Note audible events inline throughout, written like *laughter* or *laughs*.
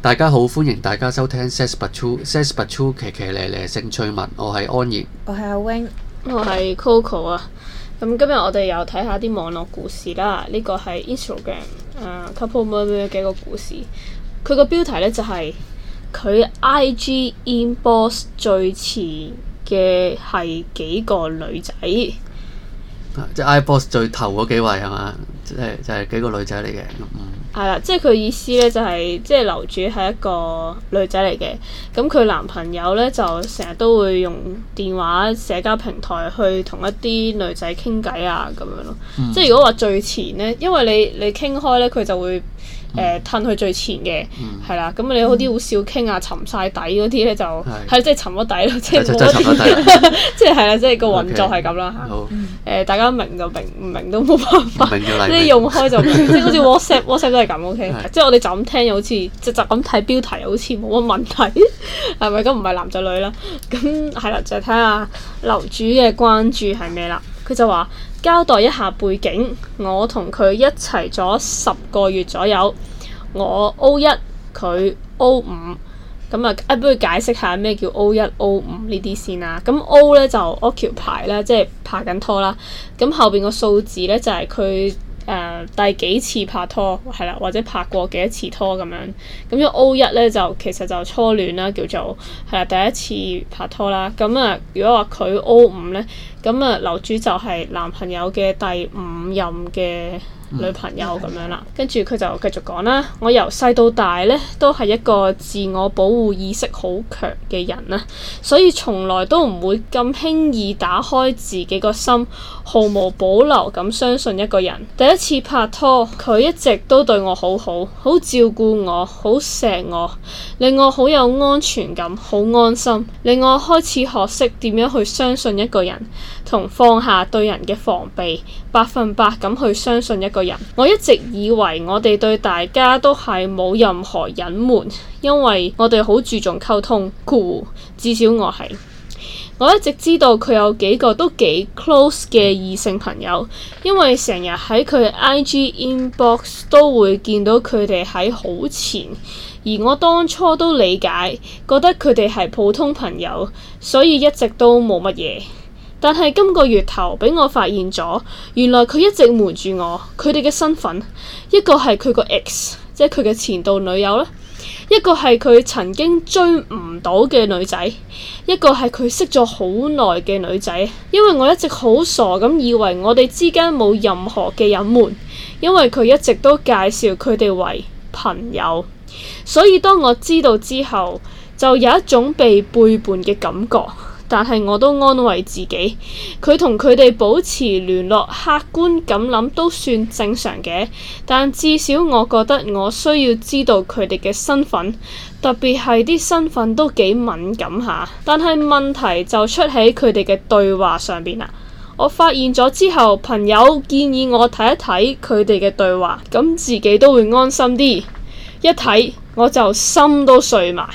大家好，歡迎大家收聽 Says but True，Says but True 騎騎咧咧性趣聞，我係安怡，我係阿 wing，我係 coco 啊。咁今日我哋又睇下啲網絡故事啦，呢、這個係 instagram 誒、啊、couple 咩咩嘅一個故事，佢個標題呢就係、是、佢 ig inbox 最前嘅係幾個女仔，即係 inbox 最頭嗰幾位係嘛，即係就係、是就是、幾個女仔嚟嘅。嗯係啦，就是，即係佢意思咧，就係即係樓主係一個女仔嚟嘅，咁佢男朋友咧就成日都會用電話、社交平台去同一啲女仔傾偈啊，咁樣咯。即係如果話最前咧，因為你你傾開咧，佢就會。誒褪去最前嘅，係啦，咁你好啲好少傾啊，沉晒底嗰啲咧就係即係沉咗底咯，即冇嗰啲，即係係啦，即係個運作係咁啦嚇。誒，大家明就明，唔明都冇辦法。明用唔開就，即係好似 WhatsApp，WhatsApp 都係咁 OK。即係我哋就咁聽，又好似就就咁睇標題，又好似冇乜問題，係咪？咁唔係男仔女啦，咁係啦，就睇下樓主嘅關注係咩啦。佢就話交代一下背景，我同佢一齊咗十個月左右。我 O 一，佢 O 五咁啊，不如解釋下咩叫 O 一 O 五呢啲先啦。咁 O 咧就 occupied 咧，即係拍緊拖啦。咁後邊個數字咧就係佢誒第幾次拍拖係啦，或者拍過幾多次拖咁樣。咁如果 O 一咧就其實就初戀啦，叫做係啦第一次拍拖啦。咁啊，如果話佢 O 五咧，咁啊樓主就係男朋友嘅第五任嘅。女朋友咁樣啦，跟住佢就繼續講啦。 *music* 我由細到大咧都係一個自我保護意識好強嘅人啦，所以從來都唔會咁輕易打開自己個心，毫無保留咁相信一個人。第一次拍拖，佢一直都對我好好，好照顧我，好錫我，令我好有安全感，好安心，令我開始學識點樣去相信一個人，同放下對人嘅防備，百分百咁去相信一個。我一直以為我哋對大家都係冇任何隱瞞，因為我哋好注重溝通，故至少我係。我一直知道佢有幾個都幾 close 嘅異性朋友，因為成日喺佢 IG inbox 都會見到佢哋喺好前，而我當初都理解，覺得佢哋係普通朋友，所以一直都冇乜嘢。但係今個月頭俾我發現咗，原來佢一直瞞住我佢哋嘅身份，一個係佢個 ex，即係佢嘅前度女友啦，一個係佢曾經追唔到嘅女仔，一個係佢識咗好耐嘅女仔。因為我一直好傻咁以為我哋之間冇任何嘅隱瞞，因為佢一直都介紹佢哋為朋友，所以當我知道之後，就有一種被背叛嘅感覺。.但係我都安慰自己，佢同佢哋保持聯絡，客觀咁諗都算正常嘅。但至少我覺得我需要知道佢哋嘅身份，特別係啲身份都幾敏感下。但係問題就出喺佢哋嘅對話上邊啦。我發現咗之後，朋友建議我睇一睇佢哋嘅對話，咁自己都會安心啲。一睇我就心都碎埋。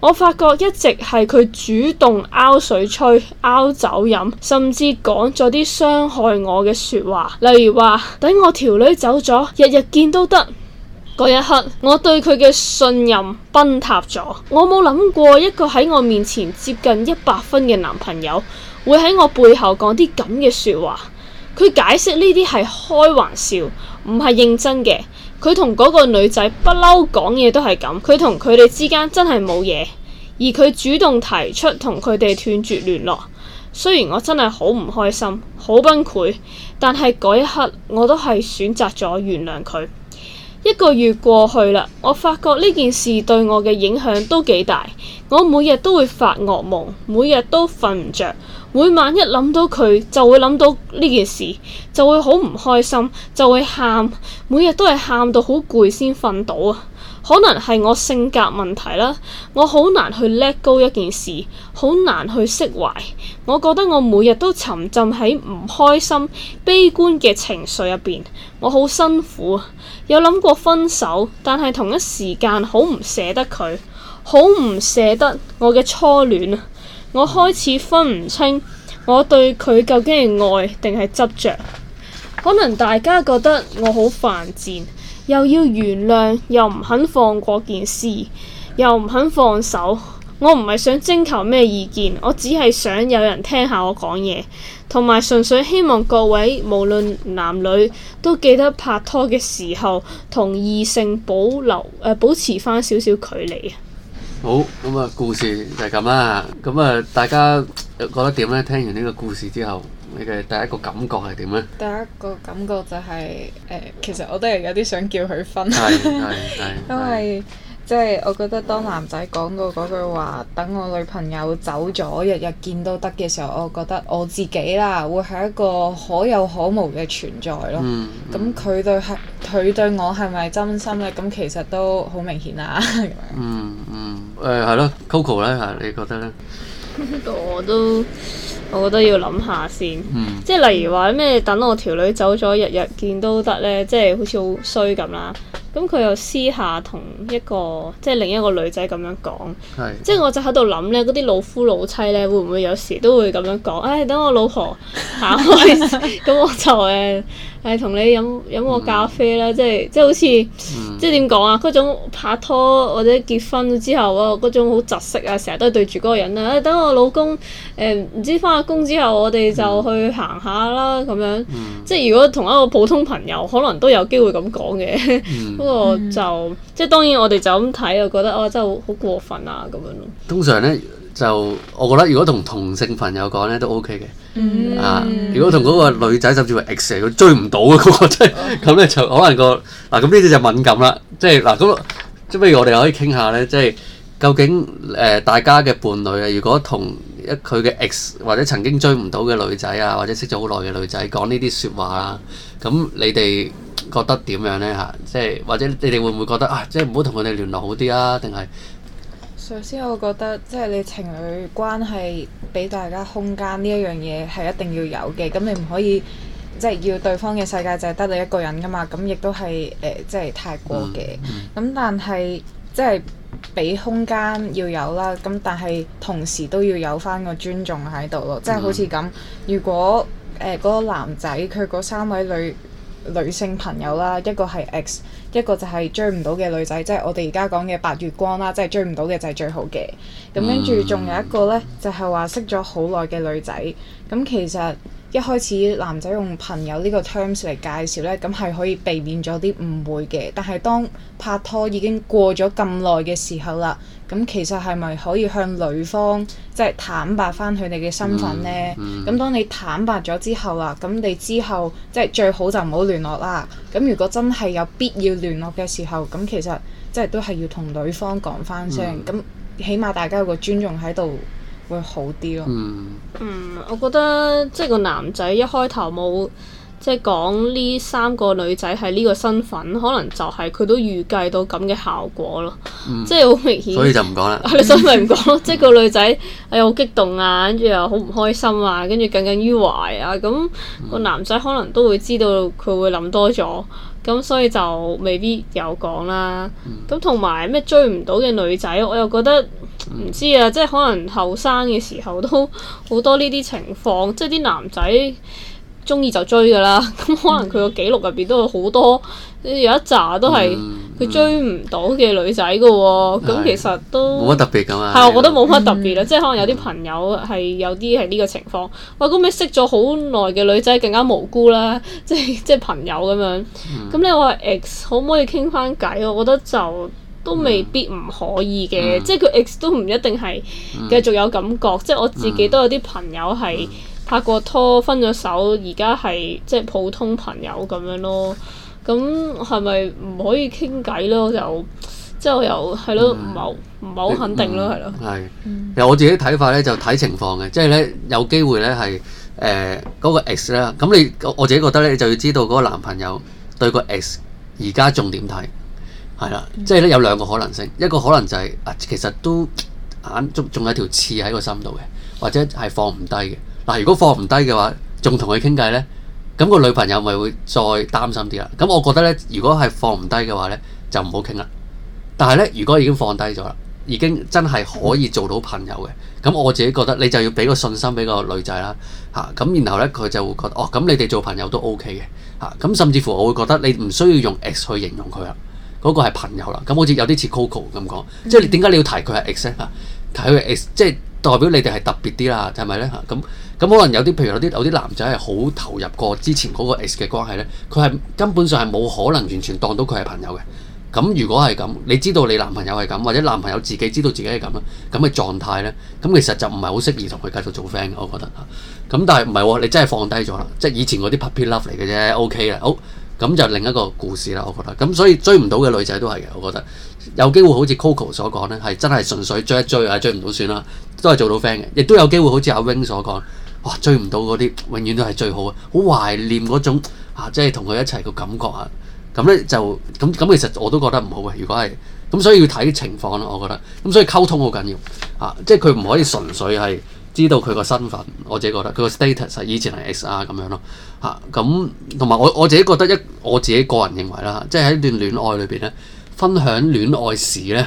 我發覺一直係佢主動拗水吹、拗酒飲，甚至講咗啲傷害我嘅說話，例如話等我條女走咗，日日見都得。嗰一刻，我對佢嘅信任崩塌咗。我冇諗過一個喺我面前接近一百分嘅男朋友，會喺我背後講啲咁嘅說話。佢解釋呢啲係開玩笑，唔係認真嘅。佢同嗰個女仔不嬲講嘢都係咁，佢同佢哋之間真係冇嘢，而佢主動提出同佢哋斷絕聯絡。雖然我真係好唔開心、好崩潰，但係嗰一刻我都係選擇咗原諒佢。一個月過去啦，我發覺呢件事對我嘅影響都幾大。我每日都會發噩夢，每日都瞓唔着。每晚一諗到佢，就會諗到呢件事，就會好唔開心，就會喊，每日都係喊到好攰先瞓到。可能係我性格問題啦，我好難去 let go 一件事，好難去釋懷。我覺得我每日都沉浸喺唔開心、悲觀嘅情緒入邊，我好辛苦，有諗過分手，但係同一時間好唔捨得佢，好唔捨得我嘅初戀。我開始分唔清，我對佢究竟係愛定係執着。可能大家覺得我好犯賤。又要原諒，又唔肯放過件事，又唔肯放手。我唔係想徵求咩意見，我只係想有人聽下我講嘢，同埋純粹希望各位無論男女都記得拍拖嘅時候同異性保留誒、呃、保持翻少少距離啊。好，咁啊，故事就係咁啦。咁啊，大家覺得點呢？聽完呢個故事之後。你嘅第一個感覺係點呢？第一個感覺就係、是、誒、呃，其實我都係有啲想叫佢分，因為即係我覺得當男仔講過嗰句話，是等我女朋友走咗，日日見都得嘅時候，我覺得我自己啦，會係一個可有可無嘅存在咯。咁佢、嗯嗯嗯、對係佢對我係咪真心咧？咁其實都好明顯啊、嗯。嗯嗯誒，係、欸、咯，Coco 咧嚇、啊，你覺得咧？個我都。 *laughs* 嗯嗯 *laughs* 我覺得要諗下先，嗯、即係例如話咩等我條女走咗，日日見都得咧，即係好似好衰咁啦。咁佢又私下同一個即係另一個女仔咁樣講，是即係我就喺度諗咧，嗰啲老夫老妻咧會唔會有時都會咁樣講？唉、哎，等我老婆行開，咁 *laughs* *laughs* 我就誒。Uh, 係同你飲飲個咖啡啦，即係即係好似、嗯、即係點講啊？嗰種拍拖或者結婚之後喎，嗰種好窒息啊！成日都係對住嗰個人啊、哎！等我老公誒唔、呃、知翻咗工之後，我哋就去行下啦咁樣。嗯、即係如果同一個普通朋友，可能都有機會咁講嘅。不過、嗯、 *laughs* 就～、嗯嗯即係當然，我哋就咁睇就覺得啊、哦，真係好好過分啊咁樣咯。通常咧就我覺得，如果同同性朋友講咧都 OK 嘅。嗯、啊，如果同嗰個女仔甚至乎 X 嚟，佢追唔到嘅，咁我真係咁咧就可能個嗱咁呢啲就敏感啦。即係嗱咁，即、啊、不如我哋可以傾下咧，即係。究竟誒、呃、大家嘅伴侶啊，如果同一佢嘅 ex 或者曾經追唔到嘅女仔啊，或者識咗好耐嘅女仔講呢啲說話啊，咁你哋覺得點樣呢？嚇？即係或者你哋會唔會覺得啊？即係唔好同佢哋聯絡好啲啊？定係？首先，我覺得即係、就是、你情侶關係俾大家空間呢一樣嘢係一定要有嘅。咁你唔可以即係、就是、要對方嘅世界就係得你一個人㗎嘛？咁亦都係誒即係太過嘅。咁、嗯嗯、但係即係。就是俾空間要有啦，咁但係同時都要有翻個尊重喺度咯，mm hmm. 即係好似咁，如果誒嗰、呃那個男仔佢嗰三位女女性朋友啦，一個係 X，一個就係追唔到嘅女仔，即係我哋而家講嘅白月光啦，即係追唔到嘅就係最好嘅，咁跟住仲有一個咧，就係、是、話識咗好耐嘅女仔，咁、嗯、其實。一開始男仔用朋友呢個 terms 嚟介紹呢，咁係可以避免咗啲誤會嘅。但係當拍拖已經過咗咁耐嘅時候啦，咁其實係咪可以向女方即係、就是、坦白翻佢哋嘅身份呢？咁、mm hmm. 當你坦白咗之後啦，咁你之後即係、就是、最好就唔好聯絡啦。咁如果真係有必要聯絡嘅時候，咁其實即係、就是、都係要同女方講翻聲。咁、mm hmm. 起碼大家有個尊重喺度。會好啲咯。嗯，我覺得即係個男仔一開頭冇即係講呢三個女仔係呢個身份，可能就係佢都預計到咁嘅效果咯。嗯、即係好明顯，所以就唔講啦。係所以咪唔講咯？ *laughs* 即係個女仔，哎呀好激動啊，跟住又好唔開心啊，跟住耿耿於懷啊。咁、個男仔可能都會知道佢會諗多咗。咁所以就未必有講啦。咁同埋咩追唔到嘅女仔，我又覺得唔知啊。即係可能後生嘅時候都好多呢啲情況，即係啲男仔中意就追㗎啦。咁可能佢個記錄入邊都有好多，有一集都係。佢追唔到嘅女仔㗎喎，咁其實都冇乜特別㗎嘛。係我覺得冇乜特別啦，即係可能有啲朋友係有啲係呢個情況。哇，咁你識咗好耐嘅女仔更加無辜啦，即係即係朋友咁樣。咁你話 ex 可唔可以傾返偈？我覺得就都未必唔可以嘅，即係佢 ex 都唔一定係繼續有感覺。即係我自己都有啲朋友係拍過拖、分咗手，而家係即係普通朋友咁樣咯。咁係咪唔可以傾偈咧？我就即係我又係咯，唔係唔係好肯定咯，係咯。係、嗯，其、嗯、我自己睇法咧就睇情況嘅，即係咧有機會咧係誒嗰個 X 啦。咁你我自己覺得咧，你就要知道嗰個男朋友對個 X 而家仲點睇，係啦。即係咧有兩個可能性，一個可能就係、是、啊，其實都眼足仲有條刺喺個心度嘅，或者係放唔低嘅。嗱，如果放唔低嘅話，仲同佢傾偈咧？咁個女朋友咪會再擔心啲啦。咁我覺得呢，如果係放唔低嘅話呢，就唔好傾啦。但係呢，如果已經放低咗啦，已經真係可以做到朋友嘅，咁我自己覺得你就要俾個信心俾個女仔啦。嚇咁，然後呢，佢就會覺得，哦咁你哋做朋友都 OK 嘅。嚇咁，甚至乎我會覺得你唔需要用 X 去形容佢啦。嗰個係朋友啦。咁好似有啲似 Coco 咁講，嗯，即係你點解你要提佢係 X 啊？提佢係 X，即係代表你哋係特別啲啦，係咪呢？嚇咁。咁可能有啲，譬如有啲有啲男仔係好投入過之前嗰個 ex 嘅關係呢，佢係根本上係冇可能完全當到佢係朋友嘅。咁如果係咁，你知道你男朋友係咁，或者男朋友自己知道自己係咁啦，咁嘅狀態呢，咁其實就唔係好適宜同佢繼續做 friend 我覺得嚇。咁但係唔係喎，你真係放低咗啦，即係以前嗰啲 puppy love 嚟嘅啫，OK 啦，好。咁就另一個故事啦，我覺得。咁所以追唔到嘅女仔都係嘅，我覺得。有機會好似 Coco 所講呢，係真係純粹追一追啊，追唔到算啦，都係做到 friend 嘅。亦都有機會好似阿 Wing 所講。哇！追唔到嗰啲，永遠都係最好嘅，好懷念嗰種啊，即係同佢一齊嘅感覺啊。咁咧就咁咁、啊，其實我都覺得唔好嘅。如果係咁，所以要睇情況咯。我覺得咁，所以溝通好緊要啊。即係佢唔可以純粹係知道佢個身份。我自己覺得佢個 status 係以前係 XR 咁樣咯。嚇，咁同埋我我自己覺得一我自己個人認為啦，即係喺一段戀愛裏邊咧，分享戀愛史咧，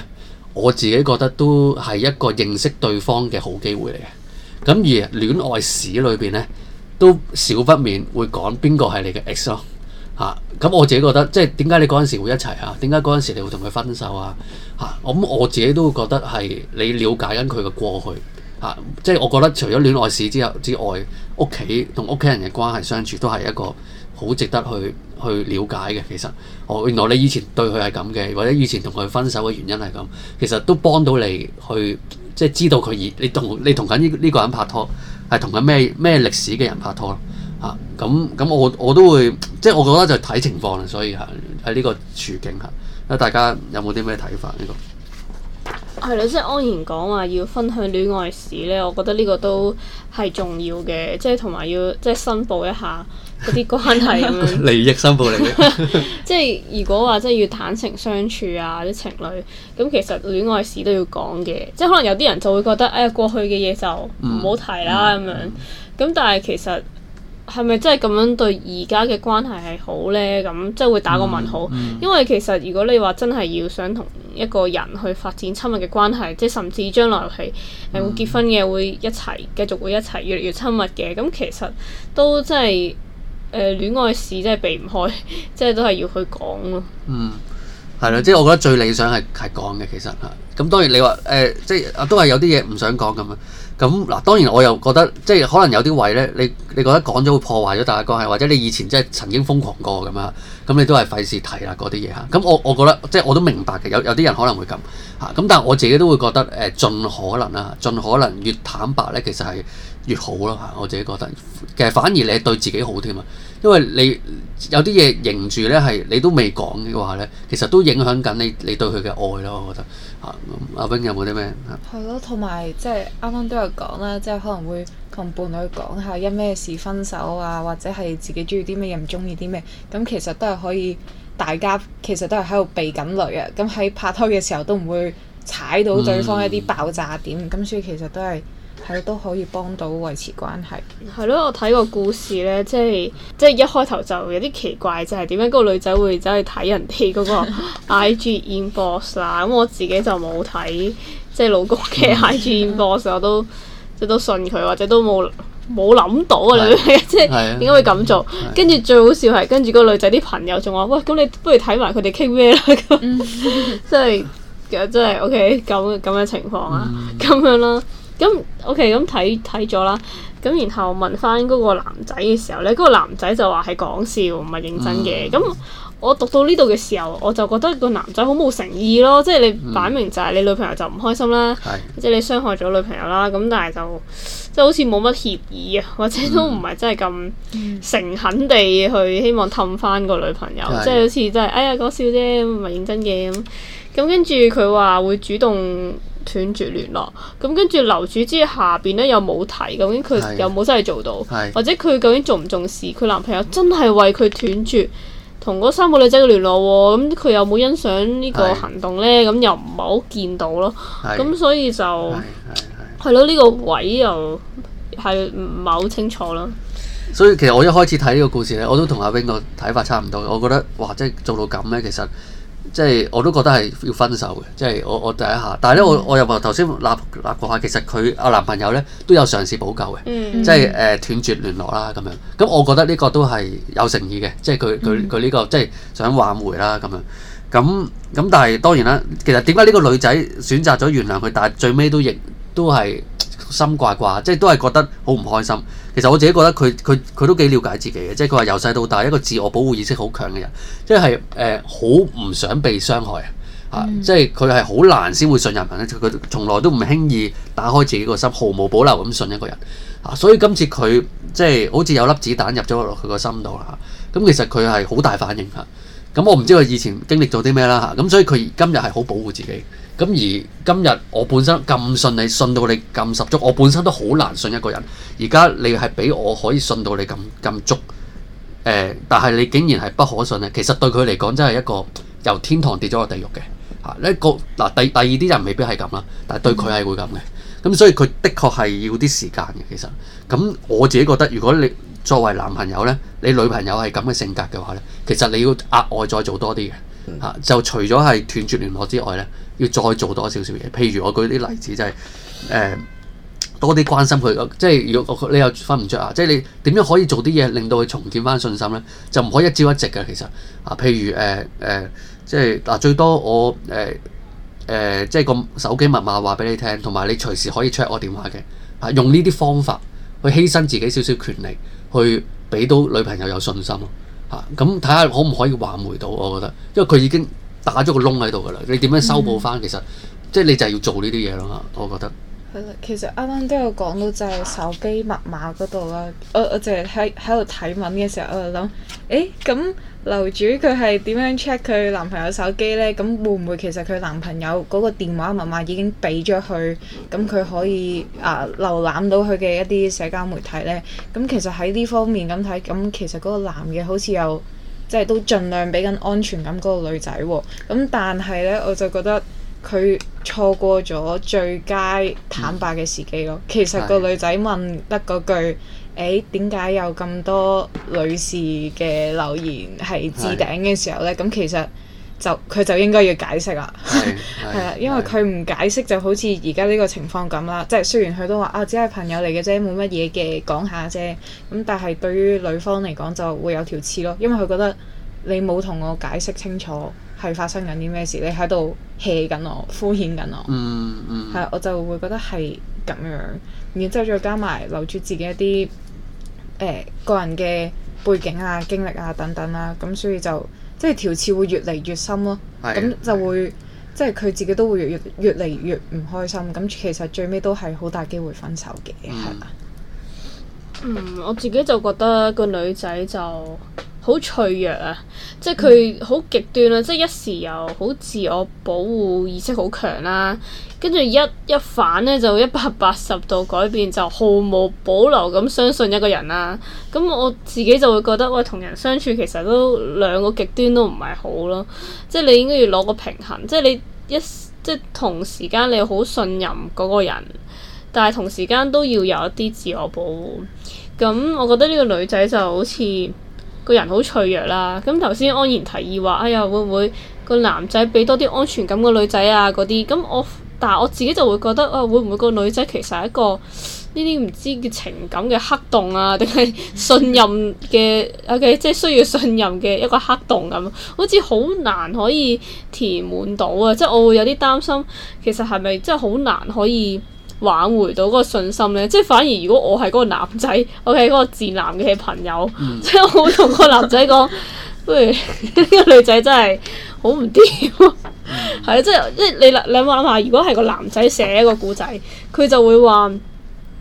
我自己覺得都係一個認識對方嘅好機會嚟嘅。咁而戀愛史裏邊咧，都少不免會講邊個係你嘅 ex 咯嚇。咁我自己覺得，即係點解你嗰陣時會一齊啊？點解嗰陣時你會同佢分手啊？嚇！咁我自己都會覺得係你了解緊佢嘅過去嚇。即係我覺得除咗戀愛史之後之外，屋企同屋企人嘅關係相處都係一個好值得去去了解嘅。其實，哦，原來你以前對佢係咁嘅，或者以前同佢分手嘅原因係咁，其實都幫到你去。即係知道佢，而你同你同緊呢呢個人拍拖，係同緊咩咩歷史嘅人拍拖咯嚇。咁咁我我都會，即係我覺得就睇情況啦，所以嚇，喺呢個處境嚇，大家有冇啲咩睇法呢個？係啦，即係安然講話要分享戀愛史咧，我覺得呢個都係重要嘅，即係同埋要即係申報一下嗰啲關係咁樣。 *laughs* *laughs* 利益申報嚟嘅 *laughs* *laughs* 即係如果話即係要坦誠相處啊，啲情侶咁其實戀愛史都要講嘅，即係可能有啲人就會覺得誒、哎、過去嘅嘢就唔好提啦咁、嗯、樣，咁但係其實。係咪真係咁樣，對而家嘅關係係好呢？咁即係會打個問號。嗯嗯、因為其實如果你話真係要想同一個人去發展親密嘅關係，即、就、係、是、甚至將來係誒會結婚嘅，嗯、會一齊繼續會一齊越嚟越親密嘅。咁其實都真係誒戀愛事真係避唔開，即 *laughs* 係都係要去講咯。嗯，係咯，即係我覺得最理想係係講嘅，其實吓。咁當然你話誒、呃，即係都係有啲嘢唔想講咁啊。咁嗱，當然我又覺得，即係可能有啲位咧，你你覺得講咗會破壞咗大家關係，或者你以前真係曾經瘋狂過咁樣，咁你都係費事提啦嗰啲嘢嚇。咁我我覺得，即係我都明白嘅，有有啲人可能會咁嚇。咁但係我自己都會覺得，誒盡可能啊，盡可能越坦白咧，其實係越好咯嚇。我自己覺得，其實反而你係對自己好添啊，因為你有啲嘢凝住咧，係你都未講嘅話咧，其實都影響緊你你對佢嘅愛咯，我覺得。阿阿斌有冇啲咩？係、啊、咯，同埋即係啱啱都有講啦，即、就、係、是就是、可能會同伴侶講下因咩事分手啊，或者係自己中意啲咩，又唔中意啲咩，咁、嗯嗯、其實都係可以，大家其實都係喺度避緊雷啊，咁喺拍拖嘅時候都唔會踩到對方一啲爆炸點，咁、嗯嗯、所以其實都係。係都可以幫到維持關係。係咯，我睇個故事咧，即係即係一開頭就有啲奇怪，就係點解個女仔會走去睇人哋嗰個 IG inbox 啦。咁我自己就冇睇，即係老公嘅 IG inbox，我都即都信佢，或者都冇冇諗到啊！你即係點解會咁做？跟住最好笑係，跟住個女仔啲朋友仲話：喂，咁你不如睇埋佢哋傾咩啦？即係，其實真係 OK，咁咁嘅情況啊，咁樣咯。咁 OK，咁睇睇咗啦。咁然後問翻嗰個男仔嘅時候咧，嗰個男仔就話係講笑，唔係認真嘅。咁、嗯。我讀到呢度嘅時候，我就覺得個男仔好冇誠意咯，即係你擺明就係你女朋友就唔開心啦，嗯、即係你傷害咗女朋友啦，咁但係就即係好似冇乜協議啊，或者都唔係真係咁誠懇地去希望氹翻個女朋友，即係、嗯、好似真係哎呀講笑啫，唔係認真嘅咁。咁跟住佢話會主動斷絕聯絡，咁跟住樓主之下邊咧又冇提，究竟佢有冇真係做到，嗯、或者佢究竟重唔重視佢男朋友真係為佢斷絕？同嗰三個女仔嘅聯絡喎、哦，咁佢有冇欣賞呢個行動呢，咁的又唔係好見到咯，咁的所以就係咯，呢個位又係唔係好清楚咯？所以其實我一開始睇呢個故事呢，我都同阿 Wing 個睇法差唔多。我覺得嘩，即係做到咁咧，其實～即係、即係、我都覺得係要分手嘅，即、就、係、係、我我第一下，但係咧我我又話頭先立立過下，其實佢阿男朋友咧都有嘗試補救嘅，即係誒斷絕聯絡啦咁樣。咁我覺得呢個都係有誠意嘅，即係佢佢佢呢個即係、即係、想挽回啦咁樣。咁咁但係當然啦，其實點解呢個女仔選擇咗原諒佢，但係最尾都亦都係。心掛掛，即係都係覺得好唔開心。其實我自己覺得佢佢佢都幾了解自己嘅，即係佢話由細到大一個自我保護意識好強嘅人，即係誒好唔想被傷害啊！嗯、即係佢係好難先會信任人，民，佢從來都唔輕易打開自己個心，毫無保留咁信一個人，啊、所以今次佢即係好似有粒子彈入咗佢個心度啦，咁、啊嗯、其實佢係好大反應嚇。咁、啊嗯、我唔知佢以前經歷咗啲咩啦嚇，咁、啊啊、所以佢今日係好保護自己。咁而今日我本身咁信你，信到你咁十足，我本身都好難信一個人。而家你係俾我可以信到你咁咁足，誒、呃！但係你竟然係不可信咧，其實對佢嚟講真係一個由天堂跌咗落地獄嘅嚇。一個嗱，第第二啲人未必係咁啦，但係對佢係會咁嘅。咁、啊、所以佢的確係要啲時間嘅。其實，咁我自己覺得，如果你作為男朋友呢，你女朋友係咁嘅性格嘅話呢，其實你要額外再做多啲嘅。啊、就除咗係斷絕聯絡之外呢，要再做多少少嘢。譬如我舉啲例子就係、是、誒、呃、多啲關心佢，即係如果你又分唔出啊，即係你點樣可以做啲嘢令到佢重建翻信心呢？就唔可以一朝一夕嘅。其實啊，譬如誒誒、呃呃，即係嗱、啊，最多我誒誒、呃呃，即係個手機密碼話俾你聽，同埋你隨時可以 check 我電話嘅。啊，用呢啲方法去犧牲自己少少權利，去俾到女朋友有信心咯。嚇咁睇下可唔可以挽回到？我覺得，因為佢已經打咗個窿喺度噶啦，你點樣修補翻？嗯、其實即係你就係要做呢啲嘢咯。我覺得。係啦、嗯，其實啱啱都有講到就係手機密碼嗰度啦。我我淨係喺喺度睇文嘅時候，我就諗，誒、欸、咁。樓主佢係點樣 check 佢男朋友手機咧？咁會唔會其實佢男朋友嗰個電話密碼已經俾咗佢？咁佢可以啊瀏覽到佢嘅一啲社交媒體咧？咁其實喺呢方面咁睇，咁其實嗰個男嘅好似又即係都盡量俾緊安全感嗰個女仔喎、哦。咁但係咧，我就覺得佢錯過咗最佳坦白嘅時機咯。其實個女仔問得嗰句。誒、點解有咁多女士嘅留言係置頂嘅時候呢？咁是其實就佢就應該要解釋啦，係 *laughs* 啦，是因為佢唔解釋就好似而家呢個情況咁啦。即、就、係、是、雖然佢都話啊，只係朋友嚟嘅啫，冇乜嘢嘅，講下啫。咁但係對於女方嚟講就會有條刺咯，因為佢覺得你冇同我解釋清楚係發生緊啲咩事，你喺度 hea 緊我，敷衍緊我。嗯嗯。係、嗯、我就會覺得係咁樣，然之後再加埋留住自己一啲。誒、呃、個人嘅背景啊、經歷啊等等啦、啊，咁、嗯、所以就即係條刺會越嚟越深咯，咁的就會的即係佢自己都會越越嚟越唔開心，咁其實最尾都係好大機會分手嘅，係嘛、嗯？的嗯，我自己就覺得個女仔就。好脆弱啊！即係佢好極端啊，即係一時又好自我保護意識好強啦，跟住一一反咧就一百八十度改變，就毫無保留咁相信一個人啦啊。咁我自己就會覺得，喂，同人相處其實都兩個極端都唔係好咯，即係你應該要攞個平衡，即係你一即係同時間你好信任嗰個人，但係同時間都要有一啲自我保護。咁我覺得呢個女仔就好似。個人好脆弱啦、啊。咁頭先安然提議話：哎呀，會唔會個男仔畀多啲安全感個女仔啊？嗰啲咁我，但係我自己就會覺得啊，會唔會個女仔其實係一個呢啲唔知嘅情感嘅黑洞啊，定係信任嘅？O.K.、啊、即係需要信任嘅一個黑洞咁、啊，好似好難可以填滿到啊。即係我會有啲擔心，其實係咪真係好難可以挽回到嗰個信心咧，即係反而如果我係嗰個男仔，OK 嗰個賤男嘅朋友，嗯、即係我同個男仔講，不如呢個女仔真係好唔掂，係啊、嗯， *laughs* 即係即係你你諗下，如果係個男仔寫一個故仔，佢就會話、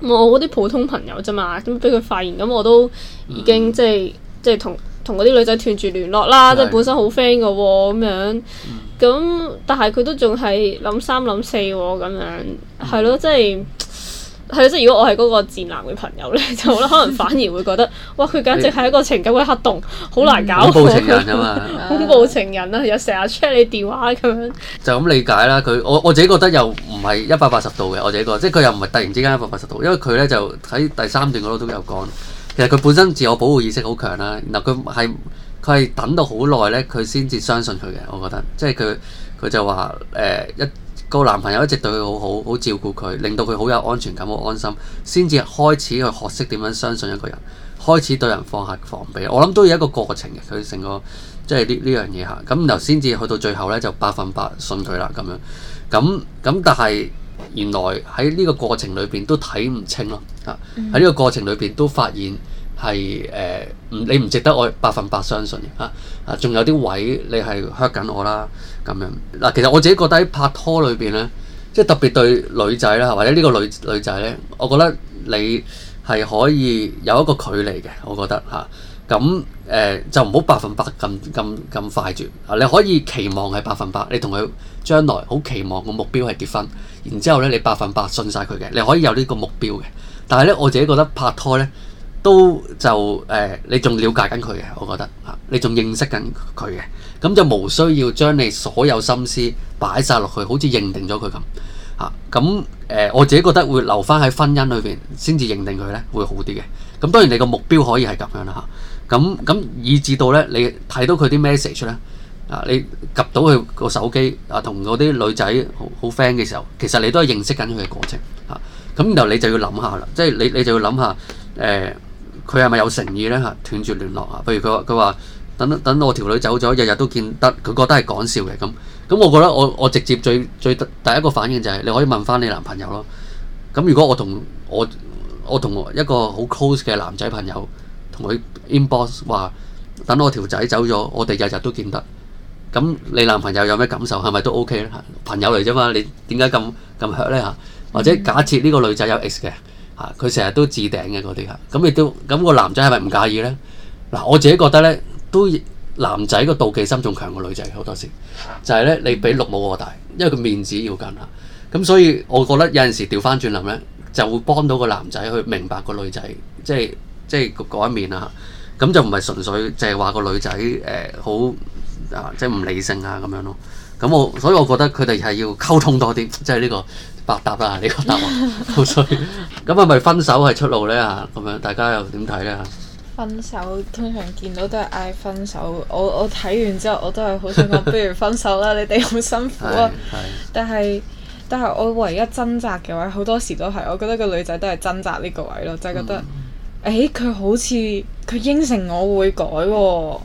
嗯、我嗰啲普通朋友咋嘛，咁俾佢發現，咁我都已經、嗯、即係即係同同嗰啲女仔斷絕聯絡啦，嗯、即係本身好 friend 嘅喎咁樣。嗯咁，但係佢都仲係諗三諗四咁、啊、樣，係咯、嗯，即係係咯。即係如果我係嗰個賤男嘅朋友咧，就可能反而會覺得， *laughs* 哇，佢簡直係一個情感嘅黑洞，好你 難搞。恐怖情人啊嘛，恐怖情人啦、啊，又成日 check 你電話咁樣。就咁理解啦，佢我我自己覺得又唔係一百八十度嘅，我自己覺得，即係佢又唔係突然之間一百八十度，因為佢咧就喺第三段嗰度都有講，其實佢本身自我保護意識好強啦，嗱佢係。佢係等到好耐咧，佢先至相信佢嘅。我覺得，即係佢佢就話誒、呃、一個男朋友一直對佢好好好照顧佢，令到佢好有安全感、好安心，先至開始去學識點樣相信一個人，開始對人放下防備。我諗都有一個過程嘅，佢成個即係呢呢樣嘢嚇。咁然後先至去到最後咧，就百分百信佢啦咁樣。咁咁但係原來喺呢個過程裏邊都睇唔清咯啊！喺呢個過程裏邊都發現。係誒，唔、呃、你唔值得我百分百相信嘅嚇啊！仲有啲位你係 hurt 緊我啦，咁樣嗱。其實我自己覺得喺拍拖裏邊咧，即係特別對女仔啦，或者呢個女女仔咧，我覺得你係可以有一個距離嘅。我覺得嚇咁誒，就唔好百分百咁咁咁快住。啊！你可以期望係百分百，你同佢將來好期望個目標係結婚，然之後咧你百分百信晒佢嘅，你可以有呢個目標嘅。但係咧，我自己覺得拍拖咧。都就誒，你仲了解緊佢嘅，我覺得嚇，你仲認識緊佢嘅，咁就無需要將你所有心思擺晒落去，好似認定咗佢咁嚇。咁誒，我自己覺得會留翻喺婚姻裏邊先至認定佢咧，會好啲嘅。咁當然你個目標可以係咁樣啦嚇。咁咁以至到咧，你睇到佢啲 message 咧，啊，你及到佢個手機啊，同嗰啲女仔好好 friend 嘅時候，其實你都係認識緊佢嘅過程嚇。咁然後你就要諗下啦，即係你你就要諗下誒。佢係咪有誠意呢？嚇斷絕聯絡啊！譬如佢話佢話，等等我條女走咗，日日都見得，佢覺得係講笑嘅咁。咁我覺得我我直接最最得第一個反應就係、是、你可以問翻你男朋友咯。咁如果我同我我同一個好 close 嘅男仔朋友同佢 inbox 話，等我條仔走咗，我哋日日都見得。咁你男朋友有咩感受？係咪都 OK 呢？朋友嚟啫嘛，你點解咁咁 hurt 呢？嚇或者假設呢個女仔有 X 嘅？佢成日都置頂嘅嗰啲嚇，咁、啊、亦都咁個、啊、男仔係咪唔介意呢？嗱、啊，我自己覺得呢，都男仔個妒忌心仲強過女仔好多時，就係、是、呢，你比綠帽我大，因為佢面子要緊嚇。咁、啊、所以我覺得有陣時調翻轉諗呢，就會幫到個男仔去明白個女仔即係即係嗰一面啊。咁就唔係純粹就係話個女仔誒、呃、好即係唔理性啊咁樣咯。咁我所以我覺得佢哋係要溝通多啲，即係呢個百搭啦，呢個答案。好衰，咁所以咁啊，咪 *laughs* 分手係出路呢？嚇？咁樣大家又點睇呢？分手通常見到都係嗌分手，我我睇完之後我都係好想講，不如分手啦！ *laughs* 你哋好辛苦啊，係係係但係但係我唯一掙扎嘅位好多時都係，我覺得個女仔都係掙扎呢個位咯，就係、是、覺得誒佢、嗯欸、好似佢應承我會改喎、啊。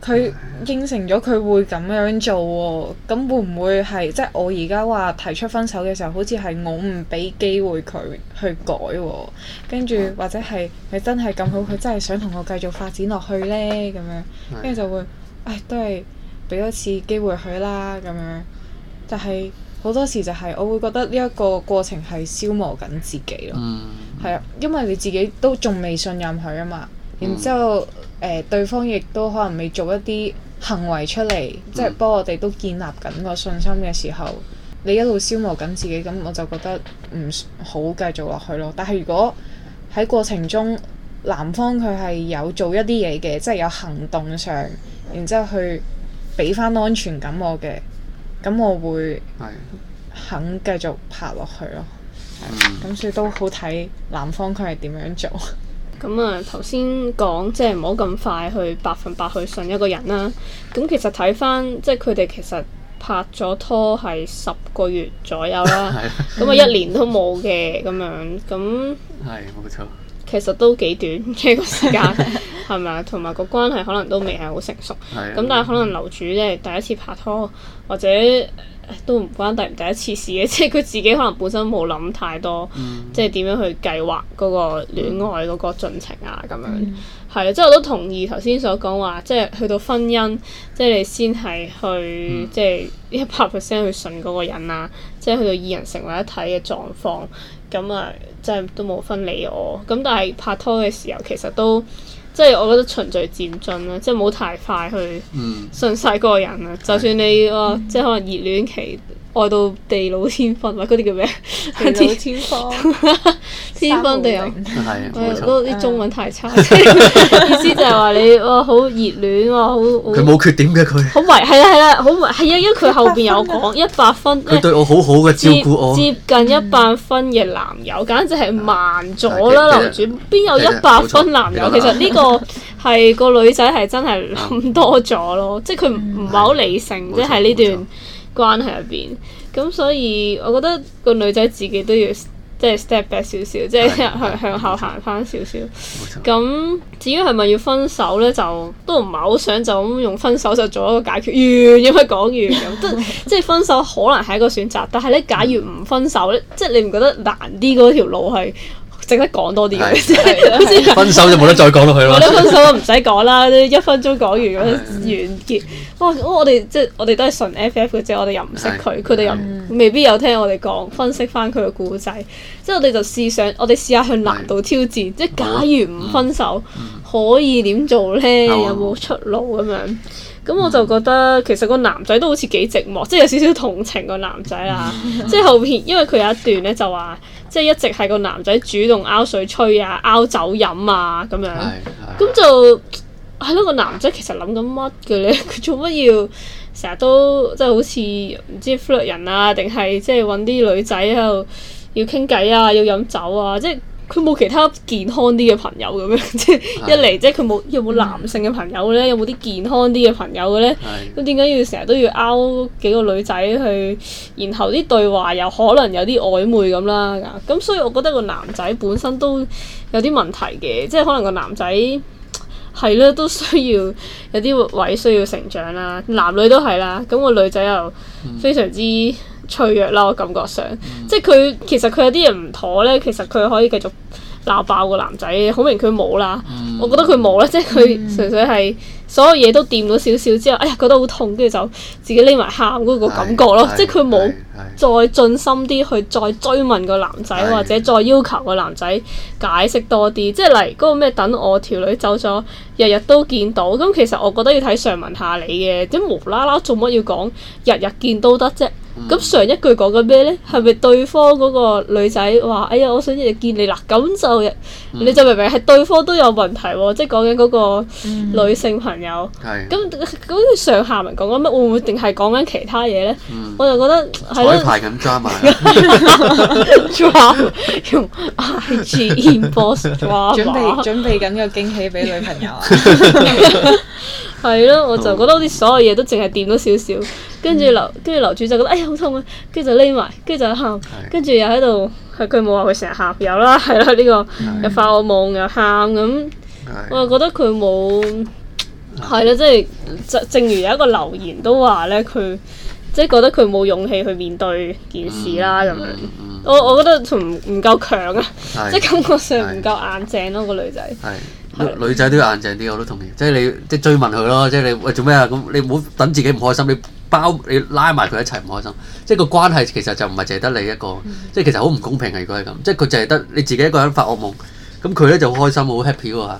佢應承咗佢會咁樣做喎、哦，咁會唔會係即係我而家話提出分手嘅時候，好似係我唔俾機會佢去改喎、哦，跟住或者係你真係咁好，佢真係想同我繼續發展落去呢？咁樣，跟住就會，唉、哎，都係俾多次機會佢啦咁樣。但係好多時就係我會覺得呢一個過程係消磨緊自己咯，係、嗯、啊，因為你自己都仲未信任佢啊嘛。然之後，誒、呃、對方亦都可能未做一啲行為出嚟，嗯、即係幫我哋都建立緊個信心嘅時候，你一路消磨緊自己，咁我就覺得唔好繼續落去咯。但係如果喺過程中男方佢係有做一啲嘢嘅，即係有行動上，然之後去俾翻安全感我嘅，咁我會肯繼續拍落去咯。咁所以都好睇男方佢係點樣做。咁啊，頭先講即係唔好咁快去百分百去信一個人啦、啊。咁、嗯、其實睇翻即係佢哋其實拍咗拖係十個月左右啦、啊。咁啊、 *laughs* 嗯、一年都冇嘅咁樣咁。係冇錯。 *laughs* 其實都幾短嘅、個時間，係咪啊？同埋個關係可能都未係好成熟。咁、 *laughs* 嗯、但係可能樓主咧第一次拍拖或者。都唔關第唔第一次事嘅，即係佢自己可能本身冇諗太多，嗯、即係點樣去計劃嗰個戀愛嗰個進程啊，咁、嗯、樣係啦。即係、嗯、我都同意頭先所講話，即係去到婚姻，即係你先係去、嗯、即係一百 percent 去信嗰個人啊，即係去到二人成為一體嘅狀況，咁啊，即係都冇分你我咁。但係拍拖嘅時候，其實都。即係我覺得循序漸進啦，即係唔好太快去信曬嗰個人啦。嗯、就算你個、啊、即係可能熱戀期。愛到地老天分啊！嗰啲叫咩？天分，天分地啊？係，啲中文太差。意思就係話你，哇，好熱戀，好。佢冇缺點嘅佢。好迷，係啦係啦，好迷。係啊，因為佢後邊有講一百分。佢對我好好嘅照顧我。接近一百分嘅男友，簡直係慢咗啦！樓主，邊有一百分男友？其實呢個係個女仔係真係諗多咗咯，即係佢唔唔係好理性，即係呢段。關係入邊，咁所以我覺得個女仔自己都要即係 step back 少少，即係向向後行翻少少。咁錯至於係咪要分手呢？就都唔係好想就咁用分手就做一個解決，完咁講完咁。 *laughs* 即即係分手可能係一個選擇，但係呢，假如唔分手呢？ *laughs* 即係你唔覺得難啲嗰條路係？值得講多啲嘅，即 *laughs* 分手就冇得再講落去啦。冇 *laughs* 分手就唔使講啦，一分鐘講完咁樣完結。的我哋即係我哋都係純 FF 嘅啫，我哋又唔識佢，佢哋的又未必有聽我哋講分析翻佢嘅故仔。即係我哋就試想，我哋試下向難度挑戰。的即係假如唔分手，啊嗯、可以點做咧？的有冇出路咁樣？咁的我就覺得其實個男仔都好似幾寂寞，即係有少少同情個男仔啦。 *laughs* 即係後面，因為佢有一段咧就話。即係一直係個男仔主動拗水吹啊、拗酒飲啊咁樣，咁 *music* 就係咯，個男仔其實諗緊乜嘅咧？佢做乜要成日都即係好似唔知 flirt 人啊，定係即係揾啲女仔喺度要傾偈啊，要飲酒啊，即係。佢冇其他健康啲嘅朋友咁樣， *laughs* 即係一嚟即係佢冇有冇男性嘅朋友咧，嗯、有冇啲健康啲嘅朋友嘅咧？咁點解要成日都要勾幾個女仔去，然後啲對話又可能有啲曖昧咁啦？咁所以我覺得個男仔本身都有啲問題嘅，即係可能個男仔係咧都需要有啲位需要成長啦、啊，男女都係啦。咁、個女仔又非常之，嗯脆弱啦，我感覺上，嗯、即係佢其實佢有啲人唔妥呢。其實佢可以繼續鬧爆個男仔，好明顯佢冇啦。嗯、我覺得佢冇咧，嗯、即係佢純粹係所有嘢都掂到少少之後，哎呀覺得好痛，跟住就自己匿埋喊嗰個感覺咯。即係佢冇再盡心啲去再追問個男仔，或者再要求個男仔解釋多啲。即係嚟嗰個咩等我條女走咗，日日都見到。咁其實我覺得要睇上文下理嘅，即係無啦啦做乜要講日日見都得啫？咁上一句講緊咩咧？係咪對方嗰個女仔話：哎呀，我想日日見你啦！咁就你就明唔明係對方都有問題喎？即係講緊嗰個女性朋友。係。咁咁上下文講緊乜？會唔會定係講緊其他嘢咧？我就覺得係安排緊加埋，用 IG inbox draw，準備準備緊個驚喜俾女朋友啊！係咯、啊，我就覺得啲所有嘢都淨係掂咗少少，跟住樓跟住樓主就覺得哎呀好痛啊，的跟住就匿埋，跟住就喊，跟住又喺度，佢冇話佢成日嚇友啦，係啦呢個又發噩夢又喊咁，的我就覺得佢冇係啦，即係正正如有一個留言都話咧，佢即係覺得佢冇勇氣去面對件事啦咁樣，我我覺得佢唔夠強啊，即係的感覺上唔夠硬淨咯個女仔。女仔都要硬淨啲，我都同意。即係你，即係追問佢咯。即係你，喂做咩啊？咁你唔好等自己唔開心，你包你拉埋佢一齊唔開心。即係個關係其實就唔係淨係得你一個。即係其實好唔公平嘅。如果係咁，即係佢淨係得你自己一個人發惡夢，咁佢咧就好開心，好 happy 喎。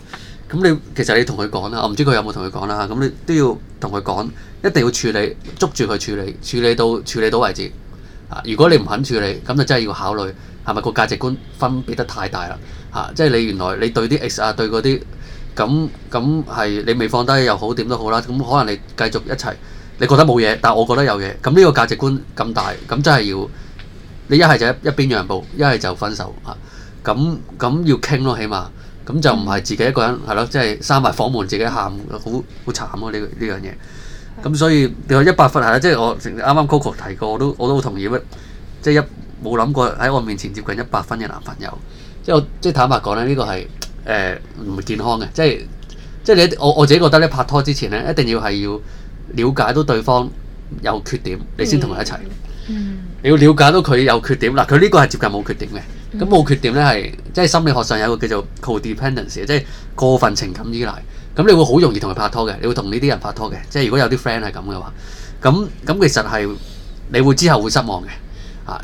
咁你其實你同佢講啦，我唔知佢有冇同佢講啦。咁你都要同佢講，一定要處理，捉住佢處理，處理到處理到為止。如果你唔肯處理，咁就真係要考慮係咪個價值觀分別得太大啦。嚇！即係你原來你對啲 X 啊，對嗰啲咁咁係你未放低又好點都好啦。咁可能你繼續一齊，你覺得冇嘢，但我覺得有嘢。咁呢個價值觀咁大，咁真係要你一係就一邊讓步，一係就分手啊！咁咁要傾咯，起碼咁就唔係自己一個人係咯，即係閂埋房門自己喊，好好慘喎！呢呢樣嘢。咁所以你話一百分係啦，即係我啱啱 Coco 提過，我都我都好同意，即係一冇諗過喺我面前接近一百分嘅男朋友。即係坦白講咧，呢、這個係誒唔健康嘅。即係即係你我我自己覺得咧，拍拖之前咧，一定要係要了解到對方有缺點，你先同佢一齊。嗯嗯、你要了解到佢有缺點啦，佢呢個係接近冇缺點嘅。咁冇、嗯、缺點咧係即係心理學上有一個叫做 codependence，即係過分情感依賴。咁你會好容易同佢拍拖嘅，你會同呢啲人拍拖嘅。即係如果有啲 friend 係咁嘅話，咁咁其實係你會之後會失望嘅。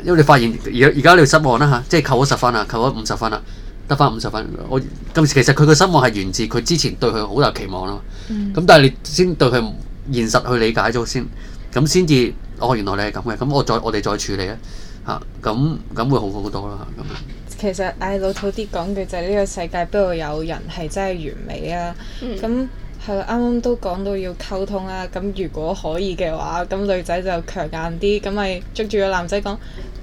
因為你發現而而家你失望啦吓，即係扣咗十分啦，扣咗五十分啦，得翻五十分。我今咁其實佢個失望係源自佢之前對佢好大期望啦嘛。咁、嗯、但係你先對佢現實去理解咗先，咁先至哦，原來你係咁嘅，咁我再我哋再處理咧吓，咁、啊、咁會好好多啦吓。咁、啊、其實唉老土啲講嘅就係呢個世界邊度有人係真係完美啊？咁、嗯係啱啱都講到要溝通啦。咁如果可以嘅話，咁女仔就強硬啲，咁咪捉住個男仔講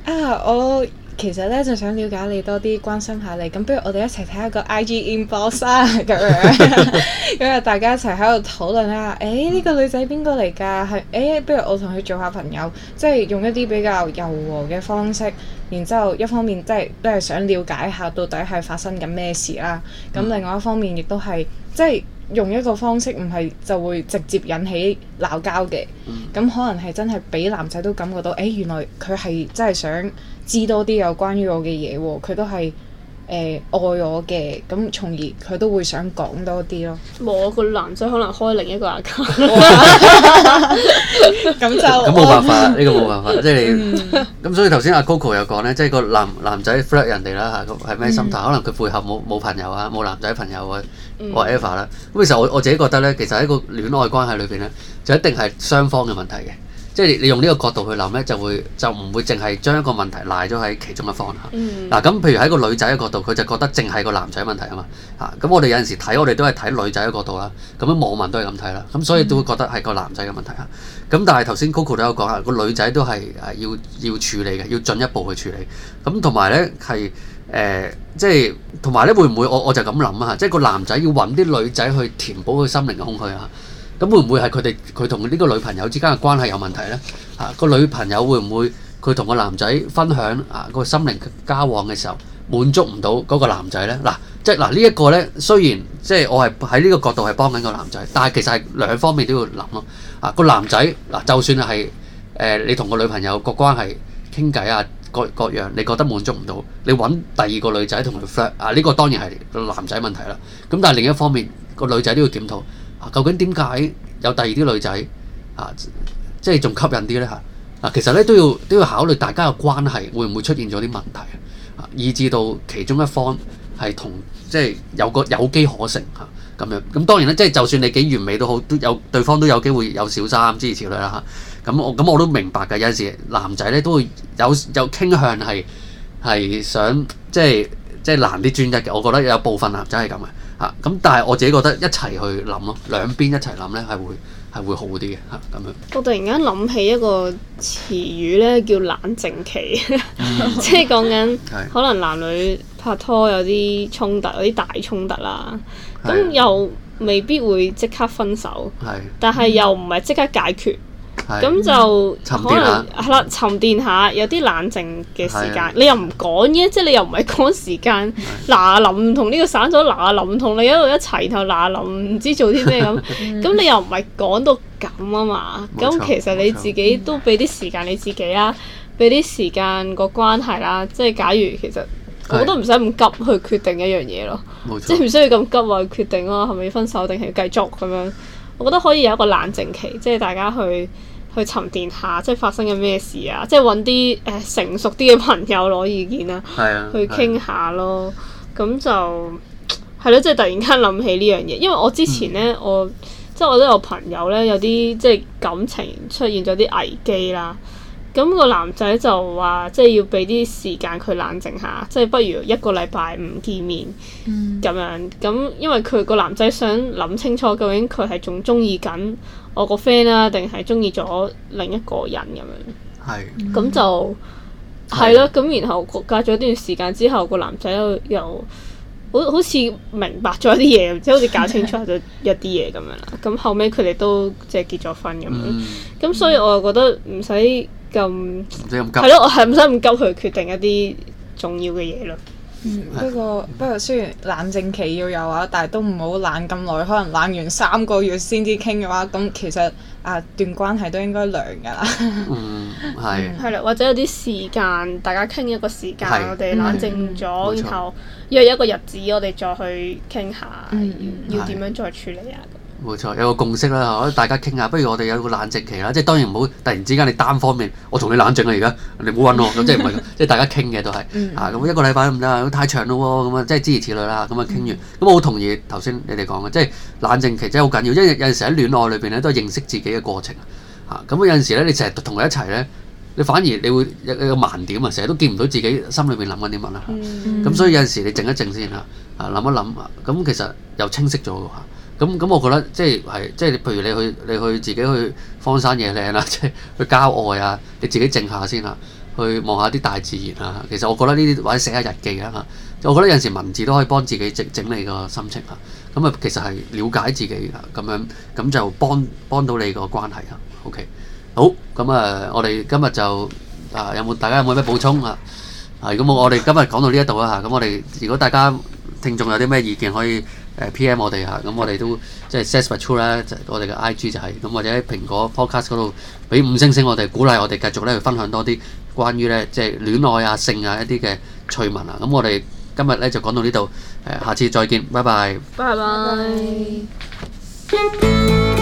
啊！我其實咧就想了解你多啲，關心下你。咁不如我哋一齊睇下個 IG inbox 啦、啊。」咁樣， *laughs* *laughs* 因為大家一齊喺度討論啊。誒、欸、呢、呢個女仔邊個嚟㗎？係誒、欸，不如我同佢做下朋友，即係用一啲比較柔和嘅方式。然之後一方面即係都係想了解下到底係發生緊咩事啦。咁另外一方面亦都係即係。用一個方式唔係就會直接引起鬧交嘅，咁、嗯、可能係真係俾男仔都感覺到，誒、欸、原來佢係真係想知多啲有關於我嘅嘢喎，佢都係。誒、欸、愛我嘅咁，從而佢都會想講多啲咯。冇啊，個男仔可能開另一個 account 咁就咁冇辦法，呢 *laughs* 個冇辦法。即係咁， *laughs* 所以頭先阿 Coco 又講呢，即係個男男仔 flirt 人哋啦嚇，係咩心態？嗯、可能佢背後冇冇朋友啊，冇男仔朋友啊，我 Eva 啦。咁 *laughs* 其實我我自己覺得呢，其實喺個戀愛關係裏邊呢，就一定係雙方嘅問題嘅。即係你用呢個角度去諗咧，就會就唔會淨係將一個問題賴咗喺其中一方，嗯嗯啊。嗱、嗯、咁，譬、嗯、如喺個女仔嘅角度，佢就覺得淨係個男仔問題啊嘛。嚇、啊、咁，我哋有陣時睇，我哋都係睇女仔嘅角度啦。咁、啊啊啊、樣網民都係咁睇啦。咁、啊、所以都會覺得係個男仔嘅問題、嗯、剛剛啊。咁但係頭先 Coco 都有講啊，個女仔都係誒要要處理嘅，要進一步去處理。咁同埋咧係誒，即係同埋咧會唔會我我就咁諗啊？即、就、係、是、個男仔要揾啲女仔去填補佢心靈嘅空虛啊！咁會唔會係佢哋佢同呢個女朋友之間嘅關係有問題呢？嚇，個女朋友會唔會佢同個男仔分享啊，個心靈交往嘅時候滿足唔到嗰個男仔呢？嗱即係嗱呢一個呢，雖然即係我係喺呢個角度係幫緊個男仔，但係其實係兩方面都要諗咯。啊個男仔嗱，就算係誒你同個女朋友個關係傾偈啊各各樣，你覺得滿足唔到，你揾第二個女仔同佢 flirt 啊，呢個當然係個男仔問題啦。咁但係另一方面個女仔都要檢討。究竟點解有第二啲女仔啊，即係仲吸引啲咧嚇？嗱、啊，其實咧都要都要考慮大家嘅關係會唔會出現咗啲問題啊，以至到其中一方係同即係、就是、有個有機可乘嚇咁樣。咁、啊啊啊、當然啦，即、就、係、是、就算你幾完美都好，都有對方都有機會有小三之類啦嚇。咁、啊啊啊啊、我咁、啊啊、我都明白㗎，有陣時男仔咧都會有有傾向係係想即係即係難啲專一嘅。我覺得有部分男仔係咁嘅。嚇！咁、啊、但係我自己覺得一齊去諗咯，兩邊一齊諗咧係會係會好啲嘅嚇咁樣。我突然間諗起一個詞語咧，叫冷靜期，即係講緊可能男女拍拖有啲衝突，有啲大衝突啦，咁的又未必會即刻分手，的但係又唔係即刻解決。嗯嗯咁就可能係啦、啊，沉澱下，有啲冷靜嘅時間。的你又唔講嘅，即係你又唔係講時間。嗱的，林同呢個散咗，嗱，林同你一路一齊，然後嗱，林唔知做啲咩咁。咁 *laughs* 你又唔係講到咁啊嘛。咁錯其實你自己都俾啲時間你自己啊，俾啲時間個關係啦。即係假如其實我都唔使咁急去決定一樣嘢咯，即係唔需要咁急去決定咯、啊，係咪要分手定係要繼續咁樣？我覺得可以有一個冷靜期，即係大家去。去沉澱下，即係發生緊咩事啊？即係揾啲誒成熟啲嘅朋友攞意見啊，啊去傾下咯。咁、啊、就係咯、啊，即係突然間諗起呢樣嘢，因為我之前咧，嗯、我即係，我都有朋友咧，有啲即係感情出現咗啲危機啦。咁、嗯、個男仔就話，即係要俾啲時間佢冷靜下，即係不如一個禮拜唔見面咁樣。咁因為佢，個男仔想諗清楚，究竟佢係仲中意緊我個 friend 啦，定係中意咗另一個人咁樣。係。咁就係咯。咁然後隔咗一段時間之後，個男仔又，又好好似明白咗啲嘢，即係好似搞清楚咗一啲嘢咁樣啦。咁後尾，佢哋都即係結咗婚咁樣。咁、嗯嗯嗯嗯、所以我又覺得唔使。咁唔係咯，我係唔使咁急佢決定一啲重要嘅嘢咯。不過不過、嗯、雖然冷靜期要有啊，但係都唔好冷咁耐，可能冷完三個月先至傾嘅話，咁其實啊段關係都應該涼噶啦。嗯，係 *laughs* 係啦，或者有啲時間，大家傾一個時間，係我哋冷靜咗，嗯、然後約一個日子，我哋再去傾下、嗯、要點樣再處理啊。冇錯，有個共識啦，啊、大家傾下。不如我哋有個冷靜期啦，即係當然唔好突然之間你單方面，我同你冷靜啦。而家你唔好揾我，即係唔係？即係大家傾嘅都係咁、啊、一個禮拜得唔得啊？太長咯喎，咁啊，即係諸如此類啦。咁啊傾完，咁、嗯、我好同意頭先你哋講嘅，即係冷靜期真係好緊要。因為有陣時喺戀愛裏邊咧，都係認識自己嘅過程咁、啊、有陣時咧，你成日同佢一齊呢，你反而你會有有個盲點啊，成日都見唔到自己心裏邊諗緊啲乜啦。咁所以有陣時你靜一靜先啦，諗一諗咁、啊啊啊、其實又清晰咗。咁咁，我覺得即係，即係，譬如你去，你去自己去荒山野嶺啦，即係去郊外啊，你自己靜下先啊，去望下啲大自然啊。其實我覺得呢啲或者寫下日記啊嚇、啊，我覺得有陣時文字都可以幫自己整整理個心情啊。咁啊，其實係了解自己咁、啊、樣，咁就幫幫到你個關係啊。OK，好，咁啊，我哋今日就啊，有冇大家有冇咩補充啊？係咁，我哋今日講到呢一度啊，咁我哋如果大家聽眾有啲咩意見可以。誒 P.M. 我哋嚇，咁、嗯、我哋都即係 set for two 啦，的就是、我哋嘅 I.G. 就係、是、咁，或者喺蘋果 Podcast 嗰度俾五星星我，我哋鼓勵我哋繼續咧去分享多啲關於咧即係戀愛啊、性啊一啲嘅趣聞啊，咁我哋今日咧就講到呢度，誒下次再見，拜拜，拜拜 bye。Bye bye